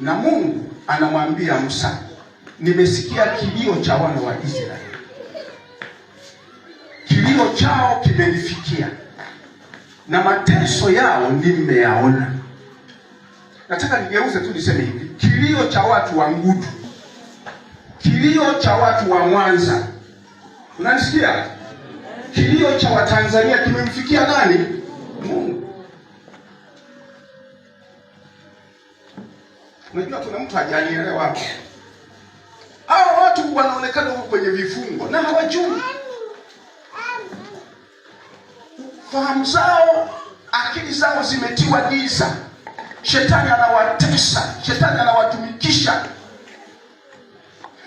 na Mungu anamwambia Musa, nimesikia kilio cha wana wa Israeli, kilio chao kimenifikia na mateso yao nimeyaona. Nataka nigeuze tu niseme hivi, kilio cha watu wa Ngudu, kilio cha watu wa Mwanza, unanisikia? Kilio cha Watanzania kimemfikia nani? Mungu. Unajua kuna mtu hajanielewa. Hawa watu wanaonekana wako kwenye vifungo na hawajui. Fahamu zao, akili zao zimetiwa giza. Shetani anawatesa, shetani anawatumikisha.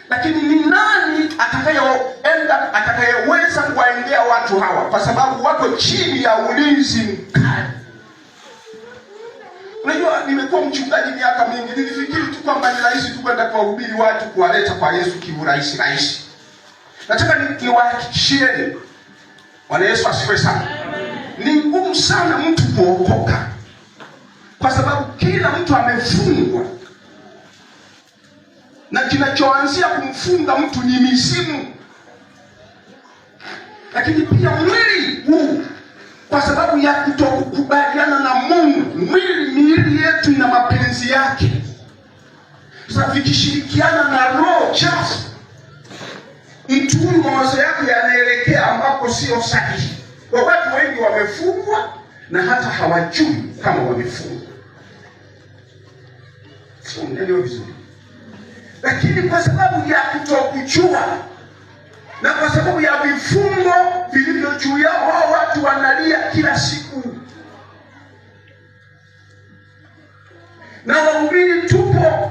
Lakini ni nani atakayeenda atakayeweza kuwaendea watu hawa, kwa sababu wako chini ya ulinzi mkali Najua nimekuwa mchungaji miaka mingi, nilifikiri tu kwamba ni rahisi tu kwenda kuwahubiri watu, kuwaleta kwa Yesu kiurahisi rahisi. Nataka niwahakikishieni, Bwana Yesu asifiwe sana. Ni ngumu sana mtu kuokoka, kwa sababu kila mtu amefungwa, na kinachoanzia kumfunga mtu ni misimu, lakini pia mwili huu, kwa sababu ya kutokukubali Mwili, miili yetu ina mapenzi yake. sa vikishirikiana na roho chafu, mtu mawazo yako yanaelekea ambako sio sahihi. Watu wengi wamefungwa na hata hawajui kama wamefungwa. Unaelewa vizuri, lakini kwa sababu ya kutokujua na kwa sababu ya vifungo vilivyo juu yao, hao watu wanalia kila siku. na wahubiri tupo,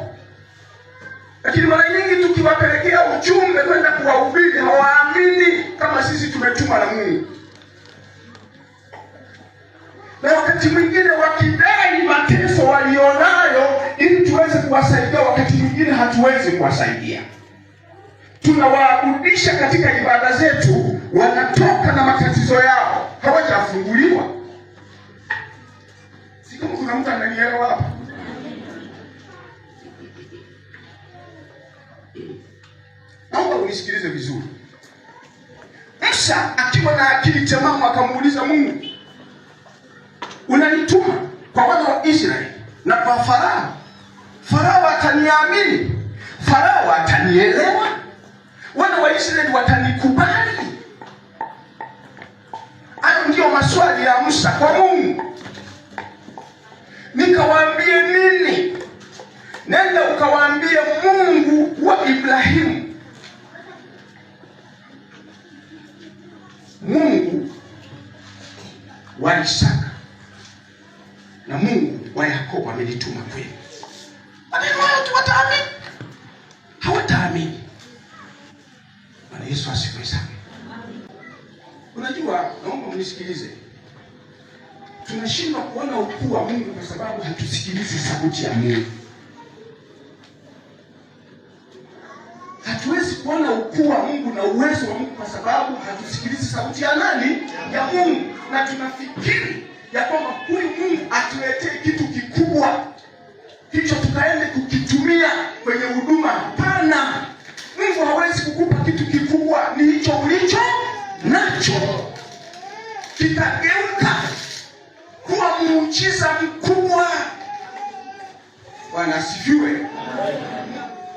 lakini mara nyingi tukiwapelekea ujumbe kwenda kuwahubiri hawaamini kama sisi tumetuma na Mungu, na wakati mwingine wakidai mateso walionayo ili tuweze kuwasaidia, wakati mwingine hatuwezi kuwasaidia tunawaabudisha katika ibada zetu, wanatoka na matatizo yao, hawajafunguliwa. Si kuna mtu ananielewa hapa? unisikilize vizuri. Musa akiwa na akili timamu akamuuliza Mungu, unanituma kwa wana wa Israeli na kwa Farao? Farao ataniamini? Farao atanielewa? Wana wa Israeli watanikubali? Hayo ndiyo maswali ya Musa kwa Mungu. Nikawaambie nini? Nenda ukawaambie Mungu wa alinituma kwenu. Maneno hayo tu wataamini? Hawataamini. Bwana Yesu asifiwe sana. Unajua, naomba mnisikilize. Tunashindwa kuona ukuu wa Mungu kwa sababu hatusikilizi sauti ya Mungu. Hatuwezi kuona ukuu wa Mungu na uwezo wa Mungu kwa sababu hatusikilizi sauti ya nani? Ya Mungu, na tunafikiri ya kwamba huyu Mungu atuletee kitu kikubwa hicho, tukaende kukitumia kwenye huduma. pana Mungu hawezi kukupa kitu kikubwa, ni hicho ulicho nacho kitageuka kuwa muujiza mkubwa. Bwana sijue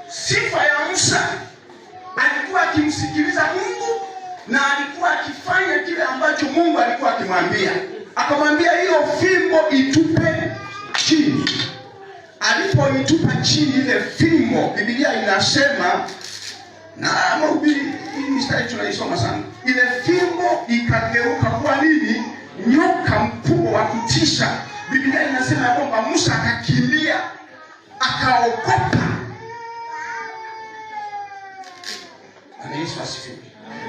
Sifa ya Musa, alikuwa akimsikiliza Mungu na alikuwa akifanya kile ambacho Mungu alikuwa akimwambia akamwambia hiyo fimbo itupe chini. Alipoitupa chini ile fimbo, Biblia inasema na mahubiri hii mistari tunaisoma sana, ile fimbo ikageuka kuwa nini? Nyoka mkubwa wa kutisha. Biblia inasema ya kwamba Musa akakimbia, akaogopa. Yesu asifiwe.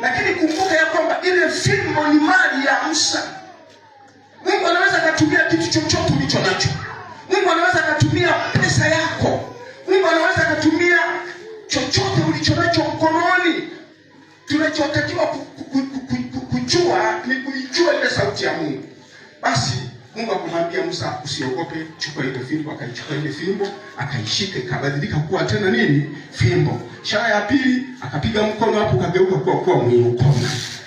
Lakini kumbuka ya kwamba ile fimbo ni mali ya Musa. Mungu anaweza akatumia kitu chochote ulicho nacho. Mungu anaweza akatumia pesa yako. Mungu anaweza akatumia chochote ulicho nacho mkononi. Tunachotakiwa kujua ni kuijua ile sauti ya Mungu. Basi Mungu akamwambia Musa, usiogope, chukua ile fimbo. Akaichukua ile fimbo, akaishika, ikabadilika kuwa tena nini? Fimbo. Ishara ya pili, akapiga mkono hapo, kageuka kuwa kuwa mwinuko.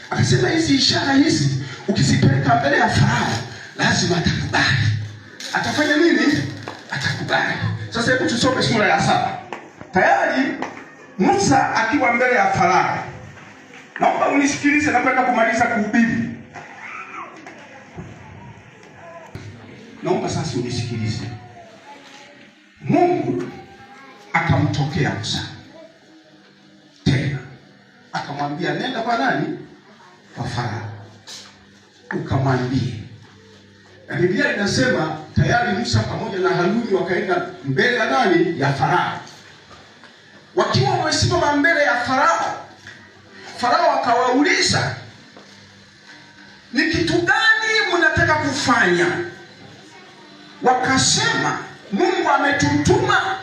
Akasema hizi ishara hizi ukizipeleka mbele ya Farao lazima atakubali. Atafanya nini? Atakubali. Sasa hebu tusome sura ya saba. Tayari Musa akiwa mbele ya Farao. Naomba unisikilize, napenda kumaliza kuhubiri. Naomba sasa unisikilize. Mungu akamtokea Musa tena akamwambia, nenda kwa nani? Kwa Farao ukamwambie na Biblia inasema tayari Musa pamoja na Haruni wakaenda mbele ya nani? Ya Farao. Wakiwa wamesimama mbele ya Farao, Farao akawauliza, ni kitu gani mnataka kufanya? Wakasema, Mungu ametutuma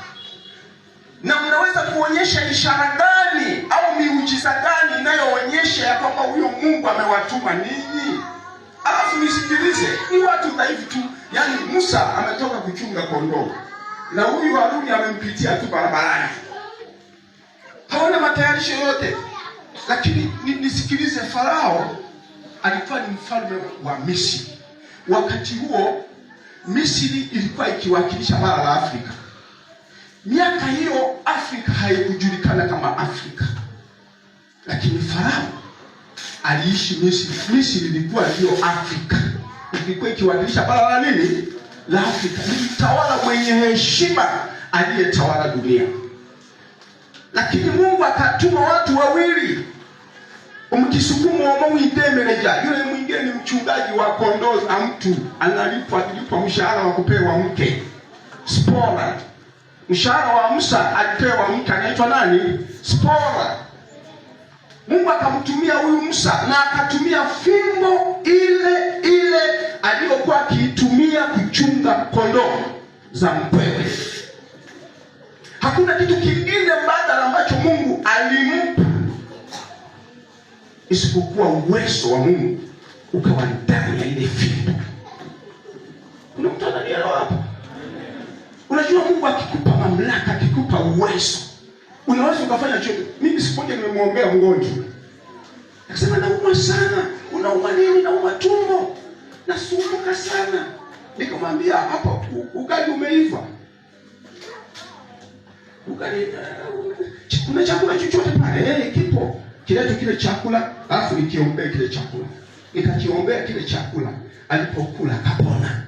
na mnaweza kuonyesha ishara gani au miujiza gani inayoonyesha ya kwamba huyo Mungu amewatuma ninyi? alafu nisikilize ni watu hivi tu. Yaani Musa ametoka kuchunga kondoo na huyu Haruni amempitia tu barabarani, haona matayarisho yote. Lakini nisikilize, Farao alikuwa ni mfalme wa Misri wakati huo. Misri ilikuwa ikiwakilisha bara la Afrika. Miaka hiyo Afrika haikujulikana kama Afrika, lakini Farao aliishi Misri. Misri ilikuwa ndiyo Afrika, ilikuwa ikiwakilisha bara la nini la Afrika. Ni mtawala mwenye heshima aliyetawala dunia, lakini Mungu akatuma watu wawili wa umkisukuma omowitemereja yule mwingine ni mchungaji wa kondoo za mtu analipwa, alipwa mshahara wa kupewa mke Spora. Mshahara wa Musa alipewa mke anaitwa nani? Spora. Mungu akamtumia huyu Musa na akatumia fimbo ile ile aliyokuwa akiitumia kuchunga kondoo za mpweke. Hakuna kitu kingine mbadala ambacho Mungu alimpa isipokuwa uwezo wa Mungu ukawa ndani ya ile fimbo. Kuna mtu ananielewa hapa? Unajua Mungu akikupa mamlaka, akikupa uwezo Unaweza ukafanya chote. Mimi siku moja nimemwombea mgonjwa. Akasema nauma sana, unauma nini? Nauma tumbo. Nasumbuka sana. Nikamwambia hapa ugali umeiva. Ugali uh, kuna chakula chochote pale? Eh, kipo. Kiletu kile chakula, alafu nikiombea kile chakula. Nikakiombea kile chakula. Alipokula kapona.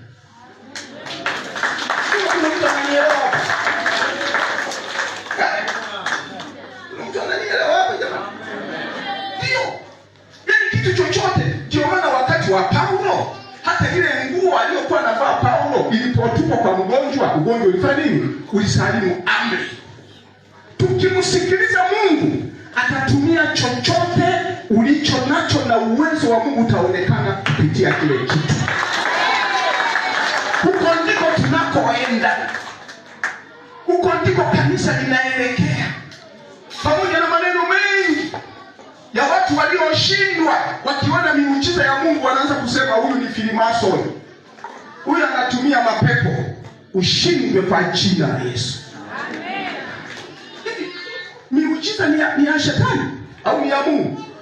kitu chochote. Ndio maana wakati wa Paulo hata ile nguo aliyokuwa anavaa Paulo ilipotupwa kwa mgonjwa, ugonjwa ulifanya nini? Ulisalimu amri. Tukimsikiliza Mungu atatumia chochote ulicho nacho, na uwezo wa Mungu utaonekana kupitia kile kitu. Huko ndiko tunakoenda, huko ndiko kanisa linaelekea, pamoja na maneno mengi ya watu walioshindwa, wakiona miujiza ya Mungu wanaanza kusema huyu ni filimasoni, huyu anatumia mapepo. Ushindwe kwa jina la Yesu. Amen. Miujiza ni ya, ni ya shetani au ni ya Mungu?